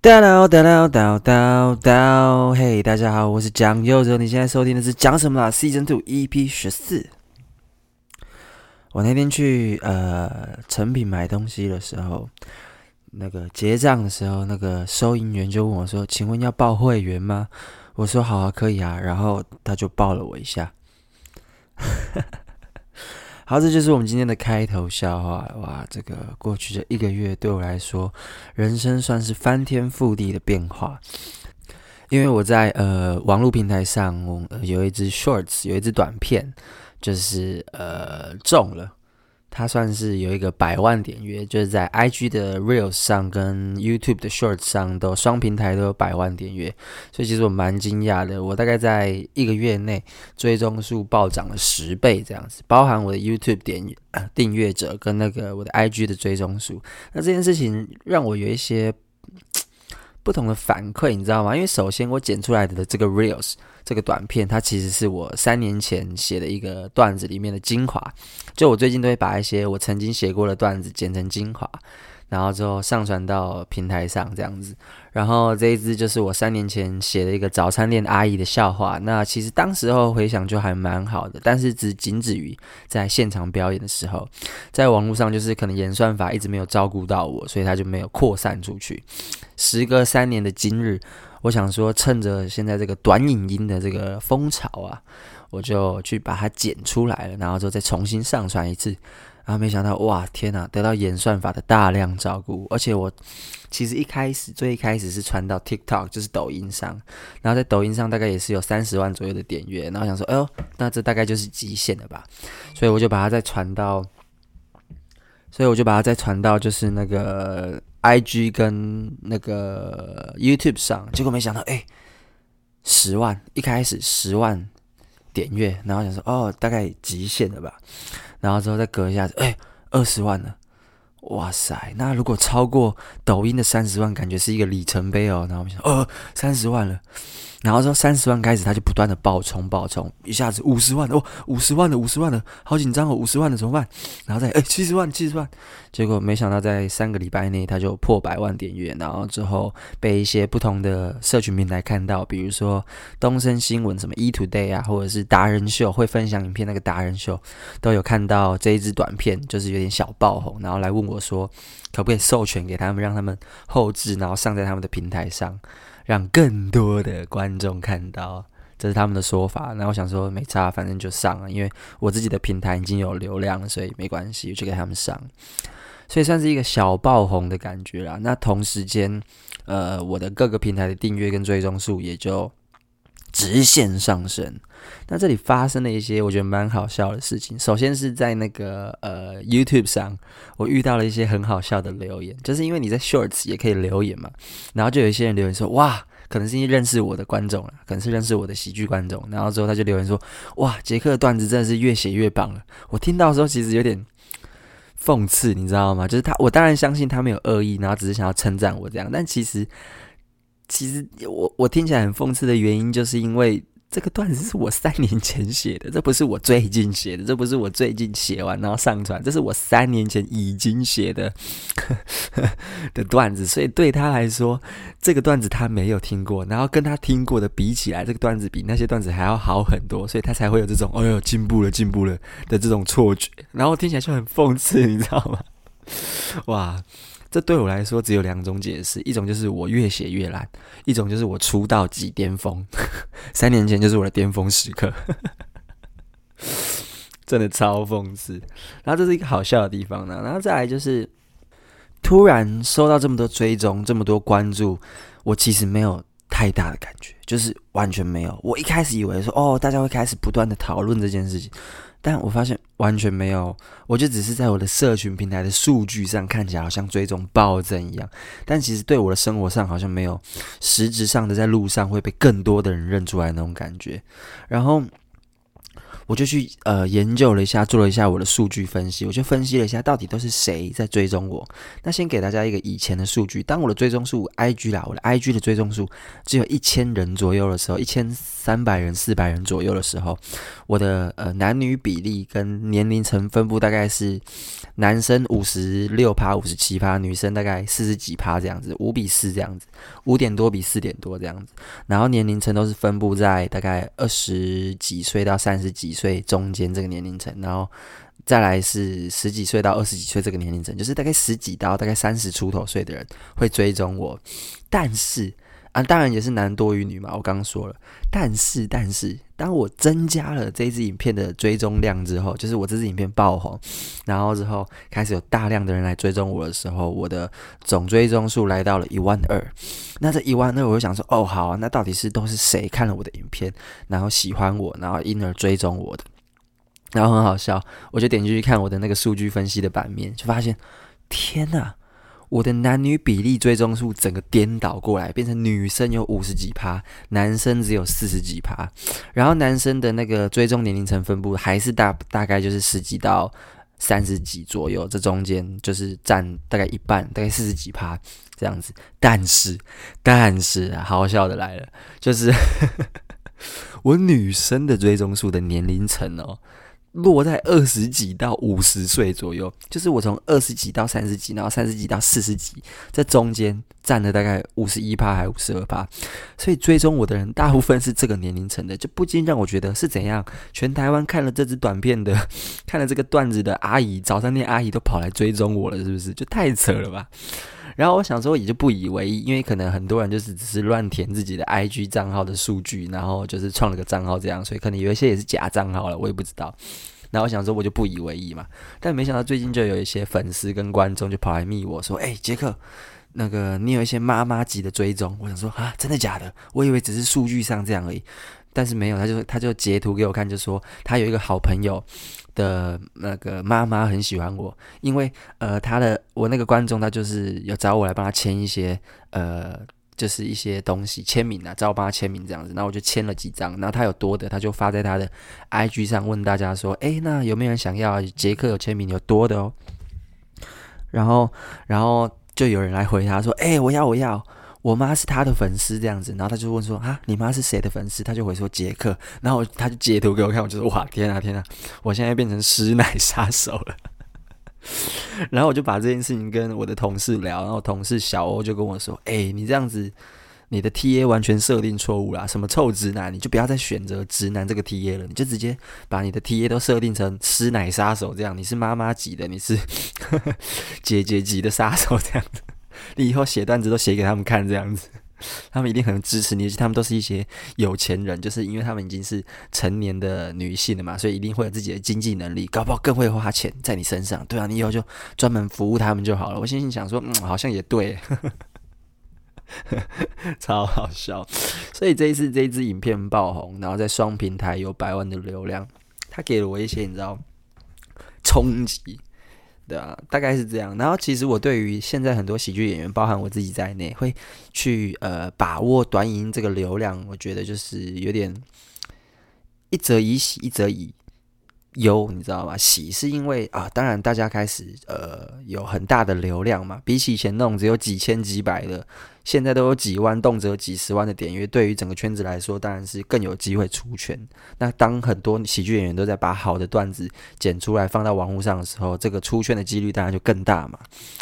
噠啦噠啦噠噠噠！嘿 ，hey, 大家好，我是蔣佑哲，你現在收聽的是《蔣什麼啦》Season Two EP 十四。我那天去呃誠品買東西的時候，那個結賬的時候，那個收銀員就問我說：“請問要報會員嗎？”我說：“好啊，可以啊。”然後他就抱了我一下。 好，這就是我們今天的開頭笑話。哇，這個過去這一個月對我來說，人生算是翻天覆地的變化，因為我在呃網絡平台上，呃，有一支 shorts 有一支短片，就是呃中了。他算是有一個百萬點閱，就是在 IG 的 Reels 上跟 YouTube 的 Shorts 上都雙平台都有百萬點閱，所以其實我蠻驚訝的。我大概在一個月內追蹤數暴漲了十倍這樣子，包含我的 YouTube 點、呃、訂閱者跟那個我的 IG 的追蹤數。那這件事情讓我有一些。不同的反饋，你知道嗎？因為首先我剪出來的這個 reels，這個短片，它其實是我三年前寫的一個段子裡面的精華。就我最近都會把一些我曾經寫過的段子剪成精華。然後之後上傳到平台上這樣子，然後這一支就是我三年前寫的一個早餐店阿姨的笑話。那其實當時候回響就還蠻好的，但是只僅止於在現場表演的時候，在網絡上就是可能演算法一直沒有照顧到我，所以它就沒有擴散出去。時隔三年的今日，我想說趁着現在這個短影音的這個風潮啊，我就去把它剪出來了，然後就再重新上傳一次。然、啊、後沒想到，哇，天吶、啊，得到演算法的大量照顧，而且我其實一開始最一開始是傳到 TikTok，就是抖音上，然後在抖音上大概也是有三十萬左右的點閱，然後想說，哎呦，那這大概就是極限了吧，所以我就把它再傳到，所以我就把它再傳到就是那個 IG 跟那個 YouTube 上，結果沒想到，哎、欸，十萬，一開始十萬點閱，然後想說，哦，大概極限了吧。然後之後再隔一下子，哎，二十萬了。哇塞！那如果超過抖音的三十萬，感覺是一個里程碑哦。然後我們想，呃、哦，三十萬了，然後說三十萬開始，他就不斷的爆衝，爆衝，一下子五十萬哦，五十萬了，五十萬了，好緊張哦，五十萬了怎麼辦？然後再哎七十萬，七十萬，結果沒想到在三個禮拜內他就破百萬點閱，然後之後被一些不同的社群平台看到，比如說東森新聞、什麼 E Today 啊，或者是達人秀會分享影片，那個達人秀都有看到這一支短片，就是有點小爆紅，然後來問。我說，可不可以授權給他們，讓他們後製，然後上在他們的平台上，讓更多的觀眾看到。這是他們的說法。那我想說，沒差，反正就上了，因為我自己的平台已經有流量了，所以沒關係，我就給他們上。所以算是一個小爆紅的感覺啦。那同時間，呃，我的各個平台的訂閱跟追蹤數也就。直線上升，那這裡發生了一些我覺得蠻好笑的事情。首先是在那個呃 YouTube 上，我遇到了一些很好笑的留言，就是因為你在 Shorts 也可以留言嘛。然後就有一些人留言說：“哇，可能是因為認識我的觀眾了，可能是認識我的喜劇觀眾。”然後之後他就留言說：“哇，傑克的段子真的是越寫越棒了。”我聽到的時候其實有點諷刺，你知道嗎？就是他，我當然相信他沒有惡意，然後只是想要稱讚我這樣，但其實。其實我我聽起來很諷刺的原因，就是因為這個段子是我三年前寫的，這不是我最近寫的，這不是我最近寫完然後上傳，這是我三年前已經寫的呵呵的段子，所以對他來說，這個段子他沒有聽過，然後跟他聽過的比起來，這個段子比那些段子還要好很多，所以他才會有這種哎呦進步了進步了的這種錯覺，然後聽起來就很諷刺，你知道嗎？哇。這對我來說只有兩種解釋：一種就是我越寫越爛，一種就是我出道即巔峰呵呵。三年前就是我的巔峰時刻呵呵，真的超諷刺。然後這是一個好笑的地方呢、啊。然後再來就是，突然收到這麼多追蹤、這麼多關注，我其實沒有太大的感覺，就是完全沒有。我一開始以為說，哦，大家會開始不斷的討論這件事情，但我發現。完全沒有，我就只是在我的社群平台的數據上看起來好像追蹤暴增一樣，但其實對我的生活上好像沒有實質上的，在路上會被更多的人認出來那種感覺，然後。我就去呃研究了一下，做了一下我的數據分析，我就分析了一下到底都是誰在追蹤我。那先給大家一個以前的數據，當我的追蹤數 IG 啦，我的 IG 的追蹤數只有一千人左右的時候，一千三百人、四百人左右的時候，我的呃男女比例跟年齡層分布大概是男生五十六趴、五十七趴，女生大概四十幾趴這樣子，五比四這樣子，五點多比四點多這樣子，然後年齡層都是分布在大概二十幾歲到三十幾歲。最中間這個年齡層，然後再來是十幾歲到二十幾歲這個年齡層，就是大概十幾到大概三十出頭歲的人會追蹤我。但是啊，當然也是男多於女嘛，我剛剛說了。但是，但是。當我增加了這支影片的追蹤量之後，就是我這支影片爆紅，然後之後開始有大量的人來追蹤我的時候，我的總追蹤數來到了一萬二。那這一萬二，我就想說，哦，好啊，那到底是都是誰看了我的影片，然後喜歡我，然後因而追蹤我的？然後很好笑，我就點進去看我的那個數據分析的版面，就發現，天吶。我的男女比例追蹤數整個顛倒過來，變成女生有五十幾趴，男生只有四十幾趴。然後男生的那個追蹤年齡層分布還是大大概就是十幾到三十幾左右，這中間就是佔大概一半，大概四十幾趴這樣子。但是，但是啊，好笑的來了，就是 我女生的追蹤數的年齡層哦。落在二十幾到五十歲左右，就是我從二十幾到三十幾，然後三十幾到四十幾，在中間占了大概五十一趴還是五十二趴，所以追蹤我的人大部分是這個年齡層的，就不禁讓我覺得是怎樣，全台灣看了這支短片的，看了這個段子的阿姨，早餐店阿姨都跑來追蹤我了，是不是？就太扯了吧。然後我想說也就不以為意，因為可能很多人就是只是亂填自己的 IG 賬號的數據，然後就是創了個賬號這樣，所以可能有一些也是假賬號了，我也不知道。然後我想說我就不以為意嘛，但沒想到最近就有一些粉絲跟觀眾就跑來密我說：“誒、哎，傑克，那個你有一些媽媽級的追蹤。”我想說啊，真的假的？我以為只是數據上這樣而已，但是沒有，他就他就截圖給我看，就說他有一個好朋友，的那個媽媽很喜歡我，因為呃，他的我那個觀眾，他就是有找我來幫他簽一些呃，就是一些東西簽名啊，找我幫他簽名這樣子，然後我就簽了幾張，然後他有多的，他就發在他的 IG 上問大家說，哎，那有沒有人想要傑克有簽名有多的哦？然後然後就有人來回他說，哎，我要我要。我媽是他的粉絲這樣子，然後他就問說：“啊，你媽是誰的粉絲？”他就回說：“傑克。”然後他就截圖給我看，我就說：“哇，天啊，天啊，我現在變成師奶殺手了。 ”然後我就把這件事情跟我的同事聊，然後同事小歐就跟我說：“哎、欸，你這樣子，你的 T A 完全設定錯誤啦，什麼臭直男，你就不要再選擇直男這個 T A 了，你就直接把你的 T A 都設定成師奶殺手這樣，你是媽媽級的，你是 姐姐級的殺手這樣子。」你以後寫段子都寫給他們看，這樣子，他們一定很支持你。而且他們都是一些有錢人，就是因為他們已經是成年的女性了嘛，所以一定會有自己的經濟能力，搞不好更會花錢在你身上。對啊，你以後就專門服務他們就好了。我心裡想說，嗯，好像也對， 超好笑。所以這一次這一支影片爆紅，然後在雙平台有百萬的流量，他給了我一些你知道衝擊。對，大概是這樣。然後，其實我對於現在很多喜劇演員，包含我自己在內，會去呃把握短影這個流量。我覺得就是有點一則以喜，一則以憂，你知道嗎？喜是因為啊，當然大家開始呃有很大的流量嘛，比起以前那種只有幾千幾百的。現在都有幾萬，動輒幾十萬的點，因為對於整個圈子來說，當然是更有機會出圈。那當很多喜劇演員都在把好的段子剪出來放到網絡上的時候，這個出圈的幾率當然就更大嘛。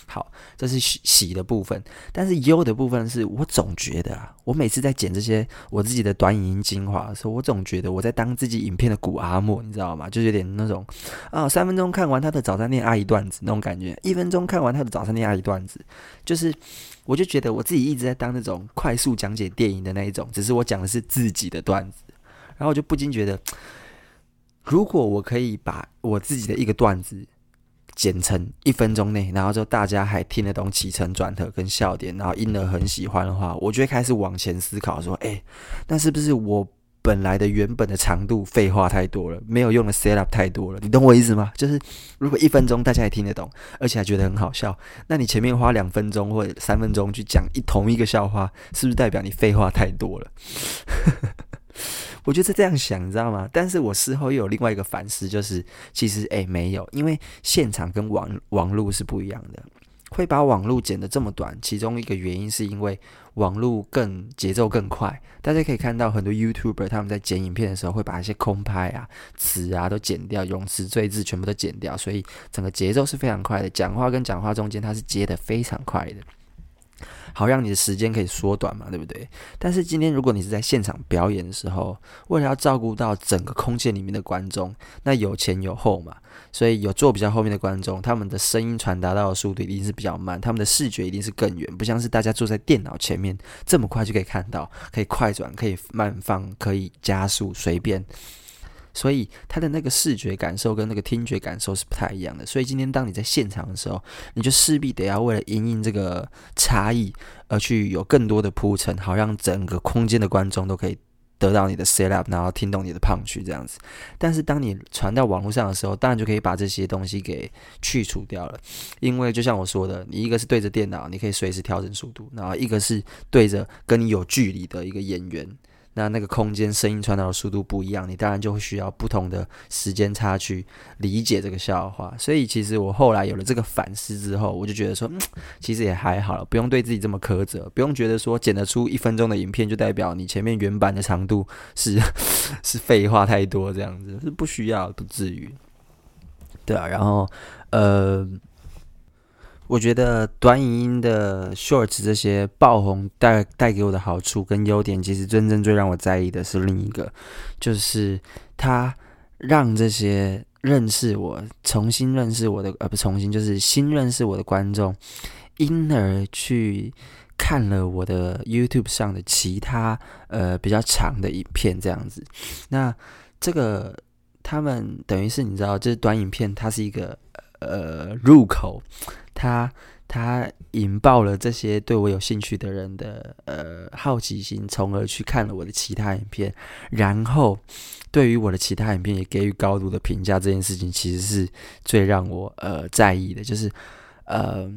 好，這是喜喜的部分，但是優的部分是我總覺得，啊，我每次在剪這些我自己的短影音精華的時候，我總覺得我在當自己影片的谷阿莫，你知道嗎？就有點那種啊、哦，三分鐘看完他的早餐店阿姨段子那種感覺，一分鐘看完他的早餐店阿姨段子，就是。我就覺得我自己一直在當那種快速講解電影的那一種，只是我講的是自己的段子。然後我就不禁覺得，如果我可以把我自己的一個段子剪成一分鐘內，然後就大家還聽得懂起承轉合跟笑點，然後嬰兒很喜歡的話，我就會開始往前思考說：哎、欸，那是不是我？本來的原本的長度，廢話太多了，沒有用的 setup 太多了，你懂我意思嗎？就是如果一分鐘大家也聽得懂，而且還覺得很好笑，那你前面花兩分鐘或者三分鐘去講一同一個笑話，是不是代表你廢話太多了？ 我就是這樣想，你知道嗎？但是我事後又有另外一個反思，就是其實誒、欸，沒有，因為現場跟網網路是不一樣的，會把網路剪得這麼短，其中一個原因是因為。網絡更節奏更快，大家可以看到很多 YouTuber 他們在剪影片的時候，會把一些空拍啊、詞啊都剪掉，用詞贅字全部都剪掉，所以整個節奏是非常快的。講話跟講話中間，它是接的非常快的。好讓你的時間可以縮短嘛，對不對？但是今天如果你是在現場表演的時候，為了要照顧到整個空間裡面的觀眾，那有前有後嘛，所以有坐比較後面的觀眾，他們的聲音傳達到的速度一定是比較慢，他們的視覺一定是更遠，不像是大家坐在電腦前面這麼快就可以看到，可以快轉，可以慢放，可以加速，隨便。所以它的那個視覺感受跟那個聽覺感受是不太一樣的。所以今天當你在現場的時候，你就勢必得要為了因應這個差異而去有更多的鋪陳，好讓整個空間的觀眾都可以得到你的 set up，然後聽懂你的 punch 這樣子。但是當你傳到網絡上的時候，當然就可以把這些東西給去除掉了。因為就像我說的，你一個是對着電腦，你可以隨時調整速度；然後一個是對着跟你有距離的一個演員。那那個空間聲音傳導的速度不一樣，你當然就會需要不同的時間差去理解這個笑話。所以其實我後來有了這個反思之後，我就覺得說，嗯，其實也還好了，不用對自己這麼苛責，不用覺得說剪得出一分鐘的影片就代表你前面原版的長度是是廢話太多這樣子，是不需要，不至於。對啊，然後呃。我覺得短影音的 shorts 這些爆紅帶帶給我的好處跟優點，其實真正最讓我在意的是另一個，就是它讓這些認識我、重新認識我的，呃，不，重新就是新認識我的觀眾，因而去看了我的 YouTube 上的其他呃比較長的影片這樣子。那這個他們等於是你知道，這短影片，它是一個。呃，入口，他他引爆了這些對我有興趣的人的呃好奇心，從而去看了我的其他影片，然後對於我的其他影片也給予高度的評價。這件事情其實是最讓我呃在意的，就是呃，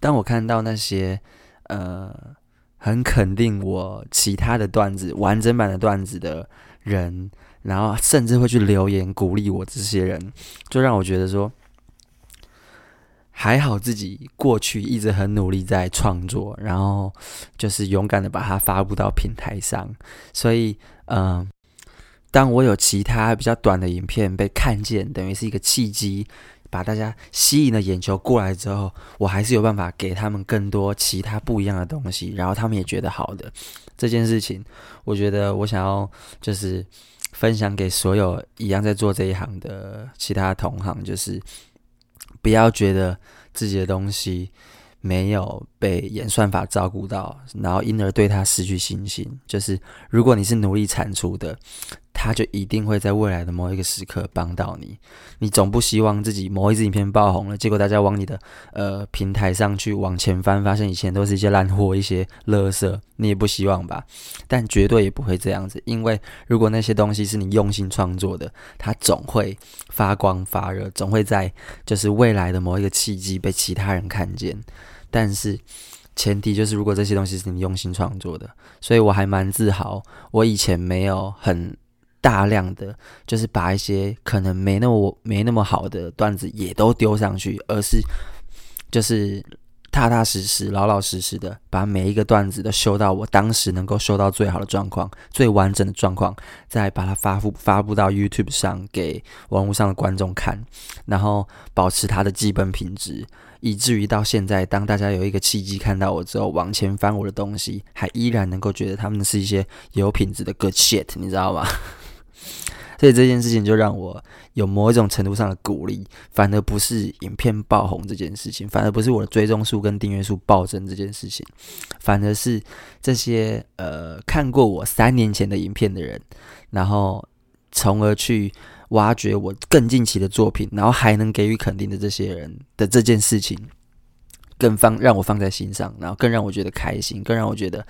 當我看到那些呃很肯定我其他的段子完整版的段子的人。然後甚至會去留言鼓勵我，這些人就讓我覺得說，還好自己過去一直很努力在創作，然後就是勇敢地把它發布到平台上。所以，嗯，當我有其他比較短的影片被看見，等於是一個契機，把大家吸引了眼球過來之後，我還是有辦法給他們更多其他不一樣的東西，然後他們也覺得好的。這件事情，我覺得我想要就是。分享給所有一樣在做這一行的其他同行，就是不要覺得自己的東西沒有被演算法照顧到，然後因而對他失去信心。就是如果你是努力產出的。他就一定會在未來的某一個時刻幫到你。你總不希望自己某一支影片爆紅了，結果大家往你的呃平台上去往前翻，發現以前都是一些爛貨、一些垃圾，你也不希望吧？但絕對也不會這樣子，因為如果那些東西是你用心創作的，它總會發光發熱，總會在就是未來的某一個契機被其他人看見。但是前提就是，如果這些東西是你用心創作的，所以我還蠻自豪，我以前沒有很。大量的就是把一些可能沒那麼沒那麼好的段子也都丟上去，而是就是踏踏實實、老老實實的把每一個段子都修到我當時能夠修到最好的狀況、最完整的狀況，再把它發布發布到 YouTube 上給網絡上的觀眾看，然後保持它的基本品質，以至於到現在，當大家有一個契機看到我之後往前翻我的東西，還依然能夠覺得他們是一些有品質的 good shit，你知道嗎？所以這件事情就讓我有某一種程度上的鼓勵，反而不是影片爆紅這件事情，反而不是我的追蹤數跟訂閱數暴增這件事情，反而是這些呃看過我三年前的影片的人，然後從而去挖掘我更近期的作品，然後還能給予肯定的這些人的這件事情，更放讓我放在心上，然後更讓我覺得開心，更讓我覺得。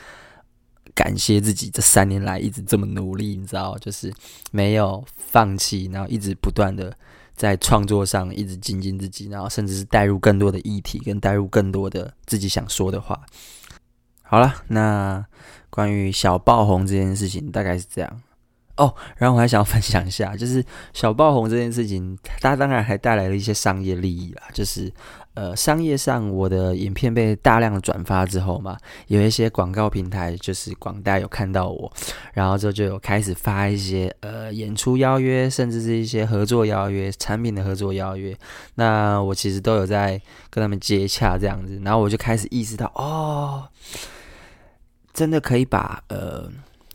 感謝自己這三年來一直這麼努力，你知道，就是沒有放棄，然後一直不斷的在創作上一直精進自己，然後甚至是帶入更多的議題，跟帶入更多的自己想說的話。好啦，那關於小爆紅這件事情，大概是這樣。哦，然後我還想要分享一下，就是小爆紅這件事情，它當然還帶來了一些商業利益啦。就是，呃，商業上我的影片被大量的轉發之後嘛，有一些廣告平台就是廣大有看到我，然後之後就有開始發一些呃演出邀約，甚至是一些合作邀約、產品的合作邀約。那我其實都有在跟他們接洽這樣子，然後我就開始意識到，哦，真的可以把呃。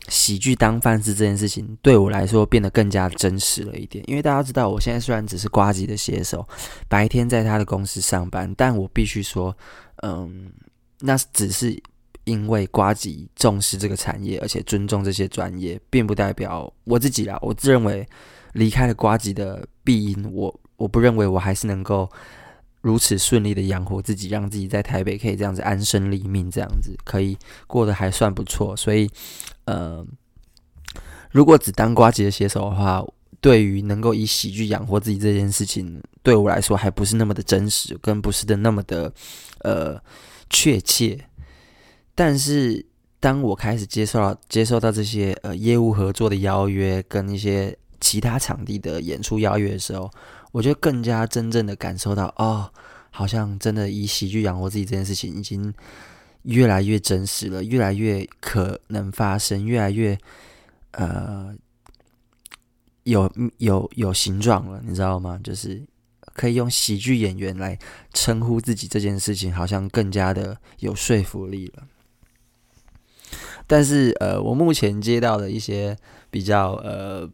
喜劇當飯吃這件事情對我來說變得更加真實了一點，因為大家知道，我現在雖然只是呱吉的寫手，白天在他的公司上班，但我必須說，嗯，那只是因為呱吉重視這個產業，而且尊重這些專業，並不代表我自己啊。我自認為離開了呱吉的庇蔭，我我不認為我還是能夠。如此順利的養活自己，讓自己在台北可以這樣子安身立命，這樣子可以過得還算不錯。所以，呃，如果只當呱吉的寫手的話，對於能夠以喜劇養活自己這件事情，對我來說還不是那麼的真實，跟不是的那麼的呃確切。但是，當我開始接受到接受到這些呃業務合作的邀約，跟一些其他場地的演出邀約的時候。我覺得更加真正的感受到，哦，好像真的以喜劇養活自己這件事情，已經越來越真實了，越來越可能發生，越來越呃有有有形狀了，你知道嗎？就是可以用喜劇演員來稱呼自己這件事情，好像更加的有說服力了。但是，呃，我目前接到的一些比較呃，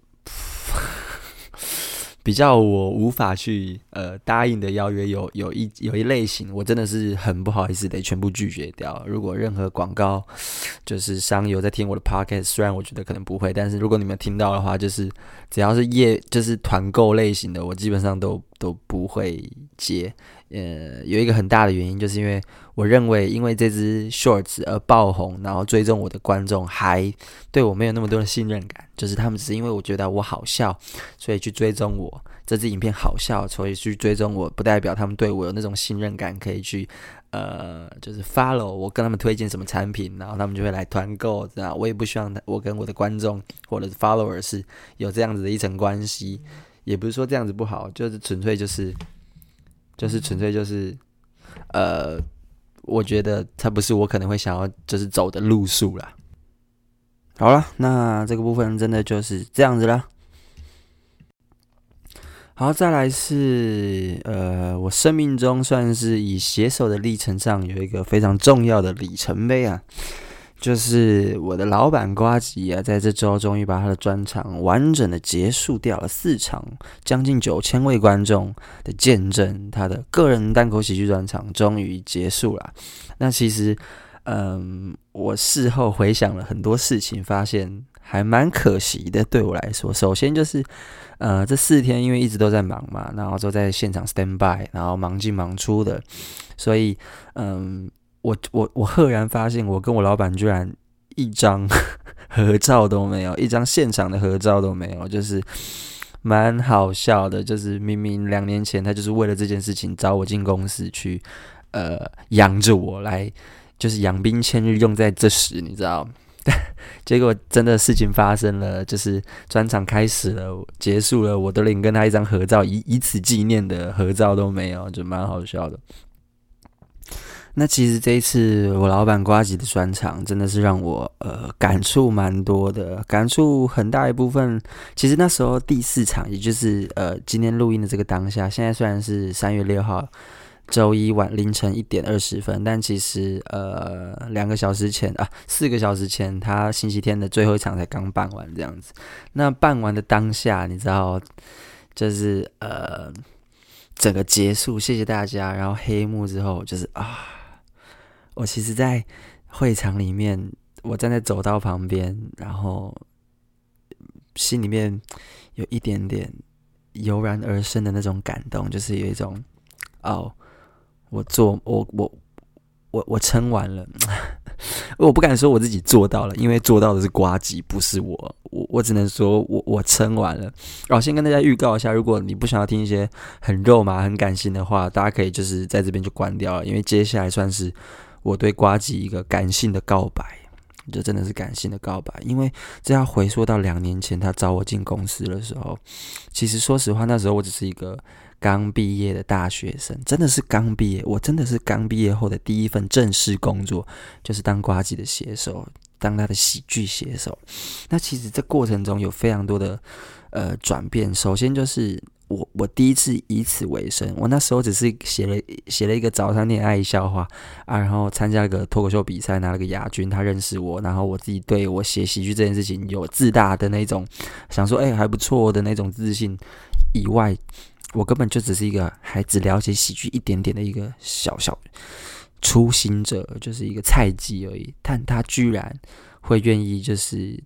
比較我無法去呃答應的邀約有有一有一類型，我真的是很不好意思得全部拒絕掉。如果任何廣告就是商友在聽我的 podcast，雖然我覺得可能不會，但是如果你們聽到的話，就是只要是業就是團購類型的，我基本上都都不會接。呃、uh，，有一個很大的原因，就是因為我認為，因為這支 shorts 而爆紅，然後追蹤我的觀眾還對我沒有那麼多的信任感，就是他們只是因為我覺得我好笑，所以去追蹤我這支影片好笑，所以去追蹤我，不代表他們對我有那種信任感可以去呃，就是 follow 我跟他們推薦什麼產品，然後他們就會來團購。這樣我也不希望他，我跟我的觀眾或者是 followers 有這樣子的一層關係，也不是說這樣子不好，就是純粹就是。就是純粹就是，呃，我覺得它不是我可能會想要就是走的路數啦。好啦，那這個部分真的就是這樣子啦。好，再來是呃，我生命中算是以寫手的歷程上有一個非常重要的里程碑啊。就是我的老闆呱吉啊，在這周終於把他的專場完整的結束掉了四場，將近九千位觀眾的見證，他的個人單口喜劇專場終於結束了。那其實，嗯，我事後回想了很多事情，發現還蠻可惜的。對我來說，首先就是，呃，這四天因為一直都在忙嘛，然後都在現場 stand by，然後忙進忙出的，所以，嗯。我我我赫然發現，我跟我老闆居然一張合照都沒有，一張現場的合照都沒有，就是蠻好笑的。就是明明兩年前他就是為了這件事情找我進公司去，呃，養着我來，就是養兵千日用在這時，你知道？ 結果真的事情發生了，就是專場開始了，結束了，我都連跟他一張合照以以此紀念的合照都沒有，就蠻好笑的。那其實這一次我老闆呱吉的專場，真的是讓我呃感觸蠻多的。感觸很大一部分，其實那時候第四場，也就是呃今天錄音的這個當下，現在雖然是三月六號週一晚凌晨一點二十分，但其實呃兩個小時前啊，四個小時前，他星期天的最後一場才剛辦完這樣子。那辦完的當下，你知道就是呃整個結束，謝謝大家，然後黑幕之後就是啊。我其實，在會場裡面，我站在走道旁邊，然後心裡面有一點點油然而生的那種感動，就是有一種哦，我做我我我我撐完了， 我不敢說我自己做到了，因為做到的是呱吉，不是我，我我只能說我我撐完了。然後先跟大家預告一下，如果你不想要聽一些很肉麻、很感性的話，大家可以就是在這邊就關掉了，因為接下來算是。我對呱吉一個感性的告白，這真的是感性的告白，因為這要回溯到兩年前他找我進公司的時候。其實說實話，那時候我只是一個剛畢業的大學生，真的是剛畢業，我真的是剛畢業後的第一份正式工作，就是當呱吉的寫手，當他的喜劇寫手。那其實這過程中有非常多的呃轉變，首先就是。我我第一次以此為生，我那時候只是寫了寫了一個早上戀愛笑話啊，然後參加一個脫口秀比賽拿了個亞軍，他認識我，然後我自己對我寫喜劇這件事情有自大的那種想說哎、欸，還不錯的那種自信以外，我根本就只是一個還只了解喜劇一點點的一個小小初心者，就是一個菜雞而已。但他居然會願意就是。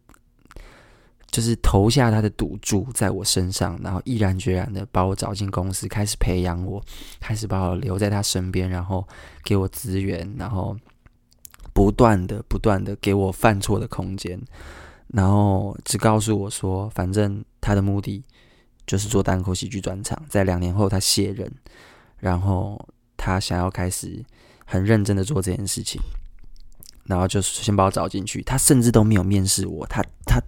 就是投下他的賭注在我身上，然後毅然決然的把我找進公司，開始培養我，開始把我留在他身邊，然後給我資源，然後不斷的不斷的給我犯錯的空間，然後只告訴我說，反正他的目的就是做單口喜劇專場。在兩年後他卸任，然後他想要開始很認真的做這件事情，然後就是先把我找進去，他甚至都沒有面試我，他他。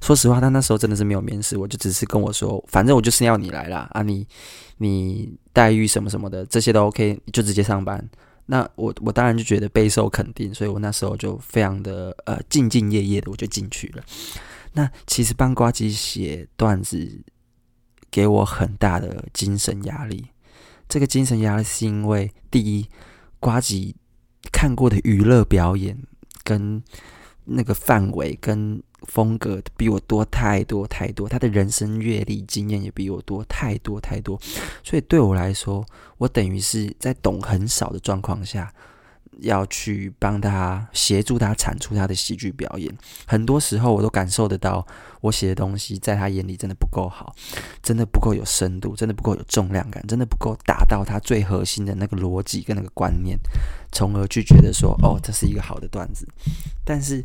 說實話，他那時候真的是沒有面試，我就只是跟我說，反正我就是要你來啦，啊你，你你待遇什麼什麼的，這些都 OK，就直接上班。那我我當然就覺得備受肯定，所以我那時候就非常的呃兢兢業業的，我就進去了。那其實幫呱吉寫段子給我很大的精神壓力，這個精神壓力是因為第一，呱吉看過的娛樂表演跟那個範圍跟。風格比我多太多太多，他的人生閱歷經驗也比我多太多太多，所以對我來說，我等於是在懂很少的狀況下，要去幫他協助他產出他的喜劇表演。很多時候，我都感受得到，我寫的東西在他眼裡真的不夠好，真的不夠有深度，真的不夠有重量感，真的不夠達到他最核心的那個邏輯跟那個觀念，從而去覺得說，哦，這是一個好的段子，但是。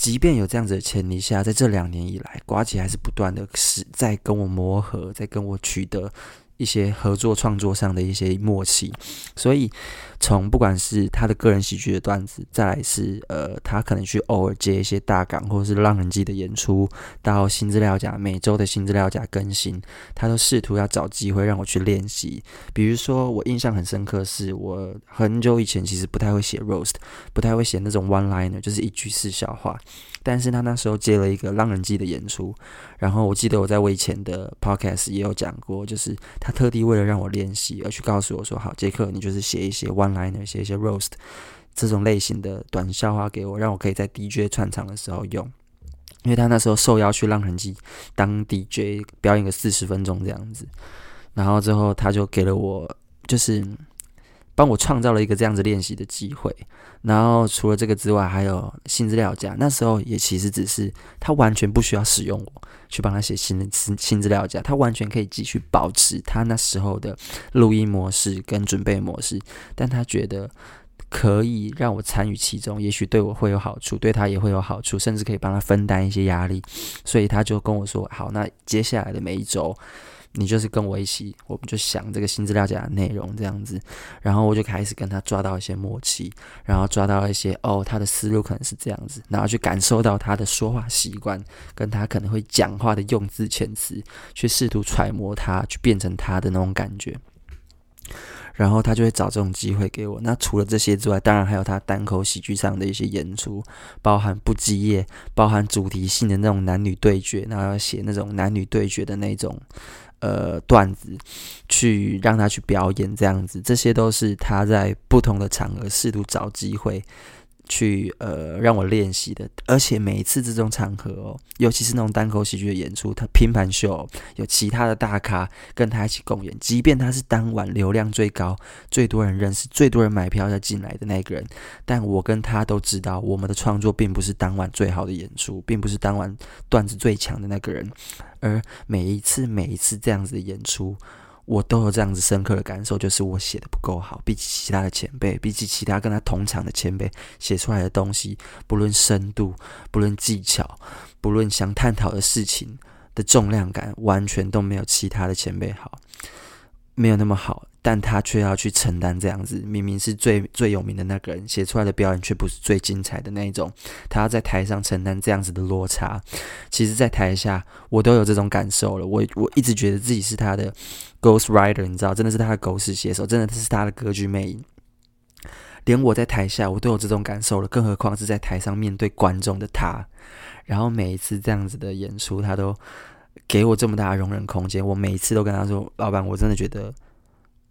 即便有這樣子的前提下，在這兩年以來，呱吉還是不斷的是在跟我磨合，在跟我取得一些合作創作上的一些默契，所以。從不管是他的個人喜劇的段子，再來是呃，他可能去偶爾接一些大港或是浪人祭的演出，到新資料夾每周的新資料夾更新，他都試圖要找機會讓我去練習。比如說，我印象很深刻是，是我很久以前其實不太會寫 roast，不太會寫那種 one liner，就是一句式笑話。但是他那時候接了一個浪人祭的演出，然後我記得我在我以前的 podcast 也有講過，就是他特地為了讓我練習而去告訴我說：“好，杰克，你就是寫一寫 one。”來寫一些 roast 這種類型的短笑話給我，讓我可以在 DJ 串場的時候用。因為他那時候受邀去浪人祭當 DJ 表演個四十分鐘這樣子，然後之後他就給了我，就是幫我創造了一個這樣子練習的機會。然後除了這個之外，還有新資料夾，那時候也其實只是他完全不需要使用我。去幫他寫新的新資料這樣，他完全可以繼續保持他那時候的錄音模式跟準備模式，但他覺得可以讓我參與其中，也許對我會有好處，對他也會有好處，甚至可以幫他分擔一些壓力，所以他就跟我說：“好，那接下來的每一周。”你就是跟我一起，我們就想這個新資料夾的內容這樣子，然後我就開始跟他抓到一些默契，然後抓到一些哦，他的思路可能是這樣子，然後去感受到他的說話習慣，跟他可能會講話的用字遣詞，去試圖揣摩他，去變成他的那種感覺，然後他就會找這種機會給我。那除了這些之外，當然還有他單口喜劇上的一些演出，包含不職業，包含主題性的那種男女對決，然後寫那種男女對決的那種。呃，段子，去讓他去表演，這樣子，這些都是他在不同的場合試圖找機會。去呃，讓我練習的，而且每一次這種場合哦，尤其是那種單口喜劇的演出，他拼盤秀有其他的大咖跟他一起共演，即便他是當晚流量最高、最多人認識、最多人買票要進來的那個人，但我跟他都知道，我們的創作並不是當晚最好的演出，並不是當晚段子最強的那個人，而每一次每一次這樣子的演出。我都有這樣子深刻的感受，就是我寫的不夠好，比起其他的前輩，比起其他跟他同場的前輩，寫出來的東西，不論深度，不論技巧，不論想探討的事情的重量感，完全都沒有其他的前輩好。沒有那麼好，但他卻要去承擔這樣子。明明是最最有名的那個人，寫出來的表演卻不是最精彩的那一種。他要在台上承擔這樣子的落差。其實，在台下我都有這種感受了。我我一直覺得自己是他的 ghost writer，你知道，真的是他的狗屎寫手，真的是他的歌劇魅影。連我在台下，我都有這種感受了，更何況是在台上面對觀眾的他。然後每一次這樣子的演出，他都。給我這麼大的容忍空間，我每次都跟他說：“老闆，我真的覺得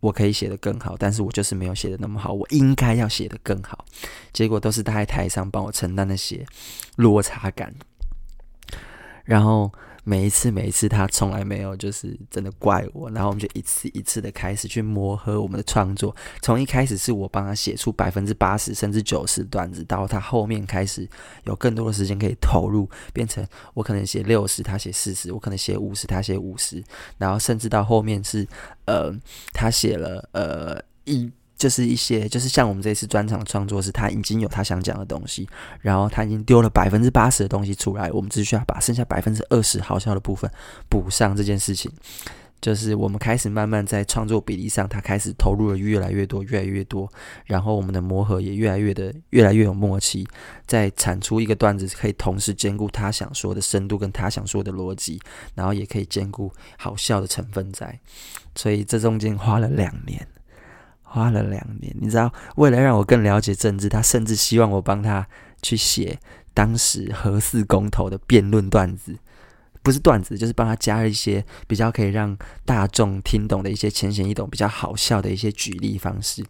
我可以寫得更好，但是我就是沒有寫得那麼好，我應該要寫得更好。”結果都是他在台上幫我承擔那些落差感，然後。每一次，每一次，他從來沒有就是真的怪我，然後我們就一次一次的開始去磨合我們的創作。從一開始是我幫他寫出百分之八十甚至九十的段子，到他後面開始有更多的時間可以投入，變成我可能寫六十，他寫四十；我可能寫五十，他寫五十，然後甚至到後面是，呃，他寫了呃一。就是一些，就是像我們這次專場創作是，他已經有他想講的東西，然後他已經丟了百分之八十的東西出來，我們只需要把剩下百分之二十好笑的部分補上。這件事情，就是我們開始慢慢在創作比例上，他開始投入了越來越多，越來越多，然後我們的磨合也越來越的越來越有默契，再產出一個段子，可以同時兼顧他想說的深度跟他想說的邏輯，然後也可以兼顧好笑的成分在，所以這中間花了兩年。花了兩年，你知道，為了讓我更了解政治，他甚至希望我幫他去寫當時核四公投的辯論段子，不是段子，就是幫他加一些比較可以讓大眾聽懂的一些淺顯易懂、比較好笑的一些舉例方式，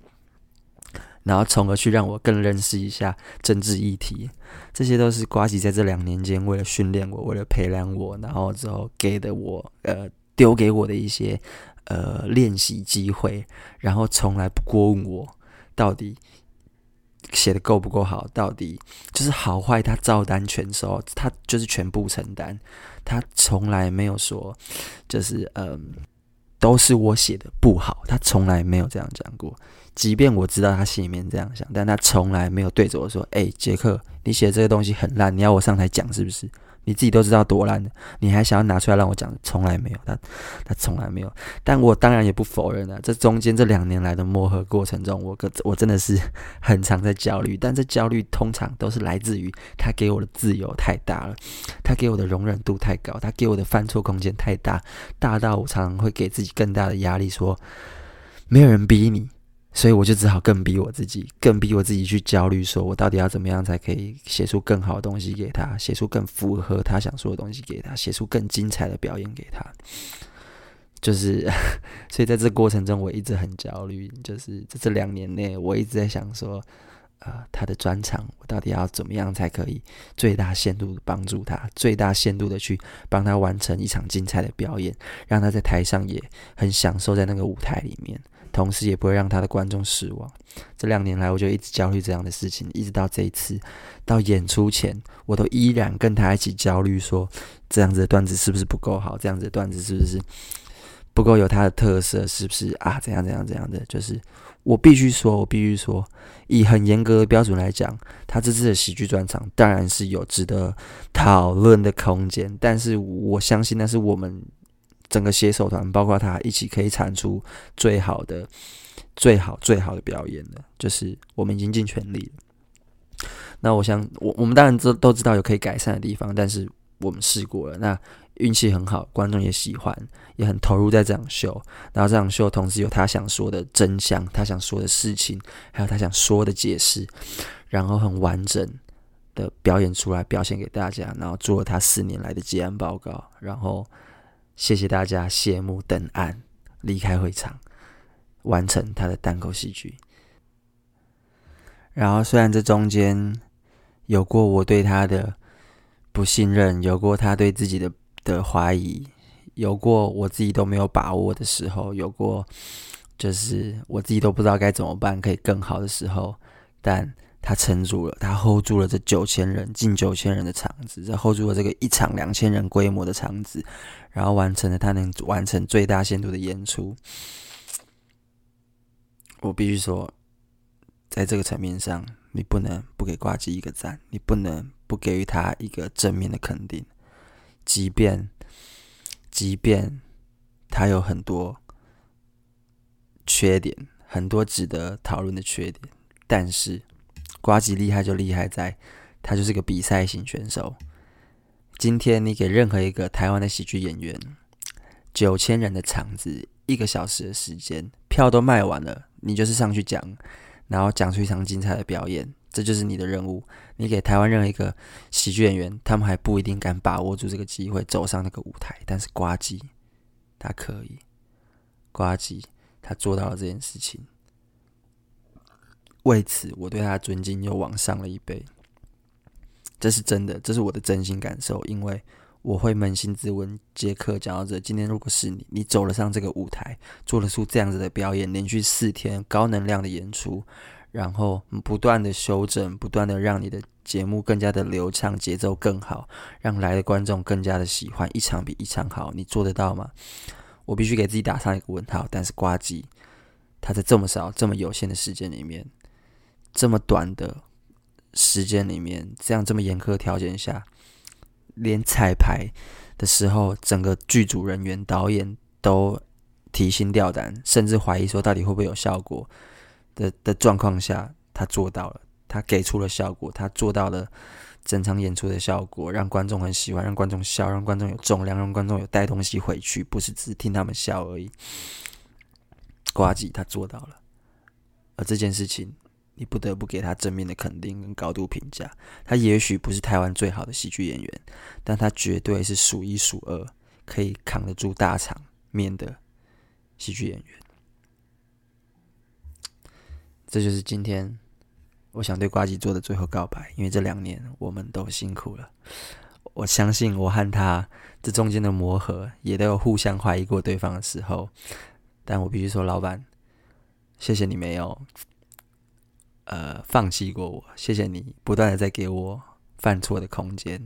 然後從而去讓我更認識一下政治議題。這些都是呱吉在這兩年間為了訓練我、為了培養我，然後之後給的我，呃，丟給我的一些。呃，練習機會，然後從來不過問我到底寫的夠不夠好，到底就是好壞，他照單全收，他就是全部承擔，他從來沒有說就是嗯、呃，都是我寫的不好，他從來沒有這樣講過。即便我知道他心裡面這樣想，但他從來沒有對着我說：“哎、欸，傑克，你寫這個東西很爛，你要我上台講是不是？”你自己都知道多爛的，你還想要拿出來讓我講？從來沒有，他，他從來沒有。但我當然也不否認啊，這中間這兩年來的磨合過程中，我個我真的是很常在焦慮。但這焦慮通常都是來自於他給我的自由太大了，他給我的容忍度太高，他給我的犯錯空間太大，大到我常常會給自己更大的壓力說，說沒有人逼你。所以我就只好更逼我自己，更逼我自己去焦慮，說我到底要怎麼樣才可以寫出更好的東西給他，寫出更符合他想說的東西給他，寫出更精彩的表演給他。就是，所以在這過程中，我一直很焦慮。就是在這，這兩年內，我一直在想說，呃，他的專場我到底要怎麼樣才可以最大限度的幫助他，最大限度的去幫他完成一場精彩的表演，讓他在台上也很享受在那個舞台裡面。同時也不會讓他的觀眾失望。這兩年來，我就一直焦慮這樣的事情，一直到這一次到演出前，我都依然跟他一起焦慮說，說這樣子的段子是不是不夠好？這樣子的段子是不是不夠有他的特色？是不是啊？怎樣怎樣怎樣的？就是我必須說，我必須說，以很嚴格的標準來講，他這次的喜劇專場當然是有值得討論的空間，但是我相信那是我們。整個攜手團，包括他一起，可以產出最好的、最好、最好的表演的，就是我們已經盡全力了。那我想，我我們當然都都知道有可以改善的地方，但是我們試過了。那運氣很好，觀眾也喜歡，也很投入在這場秀。然後這場秀同時有他想說的真相，他想說的事情，還有他想說的解釋，然後很完整的表演出來，表現給大家。然後做了他四年來的結案報告，然後。謝謝大家，謝幕登岸，離開會場，完成他的單口喜劇。然後，雖然這中間有過我對他的不信任，有過他對自己的的懷疑，有過我自己都沒有把握的時候，有過就是我自己都不知道該怎麼辦可以更好的時候，但。他撐住了，他 hold 住了這九千人、近九千人的場子，他 hold 住了這個一場兩千人規模的場子，然後完成了他能完成最大限度的演出。我必須說，在這個層面上，你不能不給呱吉一個讚，你不能不給予他一個正面的肯定，即便即便他有很多缺點，很多值得討論的缺點，但是。呱吉厲害就厲害在，他就是個比賽型選手。今天你給任何一個台灣的喜劇演員，九千人的場子，一個小時的時間，票都賣完了，你就是上去講，然後講出一場精彩的表演，這就是你的任務。你給台灣任何一個喜劇演員，他們還不一定敢把握住這個機會走上那個舞台，但是呱吉他可以，呱吉他做到了這件事情。為此，我對他的尊敬又往上了一倍。這是真的，這是我的真心感受。因為我會捫心自問：傑克講到這，今天如果是你，你走了上這個舞台，做了出這樣子的表演，連續四天高能量的演出，然後不斷的修整，不斷的讓你的節目更加的流暢，節奏更好，讓來的觀眾更加的喜歡，一場比一場好，你做得到嗎？我必須給自己打上一個問號。但是呱吉他在這麼少、這麼有限的時間裡面。這麼短的時間裡面，這樣這麼嚴苛的條件下，連彩排的時候，整個劇組人員、導演都提心吊膽，甚至懷疑說到底會不會有效果的的，的狀況下，他做到了，他給出了效果，他做到了整場演出的效果，讓觀眾很喜歡，讓觀眾笑，讓觀眾有重量，讓觀眾有帶東西回去，不是只聽他們笑而已。呱吉，他做到了，而這件事情，你不得不給他正面的肯定跟高度評價。他也許不是台灣最好的喜劇演員，但他絕對是數一數二可以扛得住大場面的喜劇演員。這就是今天我想對呱吉做的最後告白，因為這兩年我們都辛苦了。我相信我和他這中間的磨合，也都有互相懷疑過對方的時候。但我必須說，老闆，謝謝你沒有。呃，放棄過我，謝謝你不斷的在給我犯錯的空間，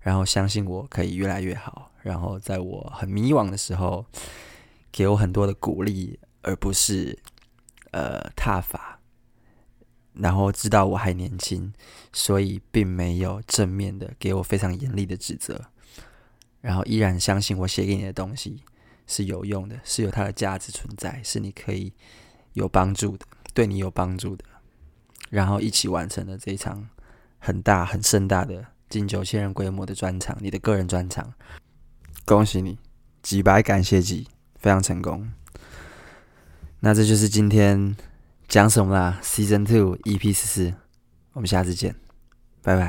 然後相信我可以越來越好，然後在我很迷惘的時候，給我很多的鼓勵，而不是呃撻伐，然後知道我還年輕，所以並沒有正面的給我非常嚴厲的指責，然後依然相信我寫給你的東西是有用的，是有它的價值存在，是你可以有幫助的，對你有幫助的。然後一起完成了這一場很大很盛大的近九千人規模的專場，你的個人專場。恭喜你，幾百感謝集，非常成功。那這就是今天講什麼啦？Season Two EP 14，我們下次見，拜拜。